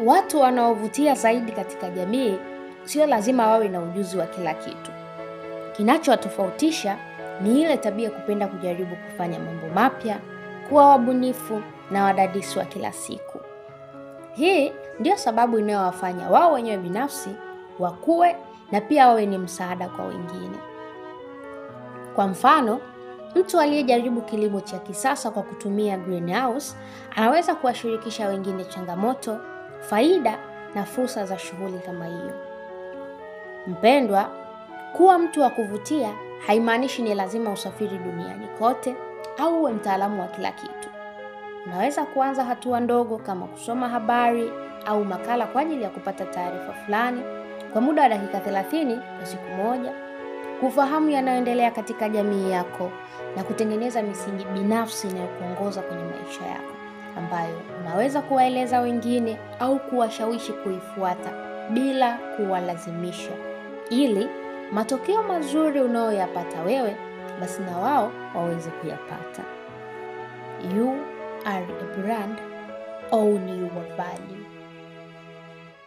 Watu wanaovutia zaidi katika jamii sio lazima wawe na ujuzi wa kila kitu. Kinachowatofautisha ni ile tabia kupenda kujaribu kufanya mambo mapya, kuwa wabunifu na wadadisi wa kila siku. Hii ndiyo sababu inayowafanya wao wenyewe binafsi wakuwe na pia wawe ni msaada kwa wengine. Kwa mfano, mtu aliyejaribu kilimo cha kisasa kwa kutumia greenhouse anaweza kuwashirikisha wengine changamoto faida na fursa za shughuli kama hiyo. Mpendwa, kuwa mtu wa kuvutia haimaanishi ni lazima usafiri duniani kote au uwe mtaalamu wa kila kitu. Unaweza kuanza hatua ndogo kama kusoma habari au makala kwa ajili ya kupata taarifa fulani kwa muda wa dakika 30 kwa siku moja, kufahamu yanayoendelea katika jamii yako na kutengeneza misingi binafsi inayokuongoza kwenye maisha yako ambayo unaweza kuwaeleza wengine au kuwashawishi kuifuata bila kuwalazimisha, ili matokeo mazuri unayoyapata wewe basi na wao waweze kuyapata. You are a brand, own your value.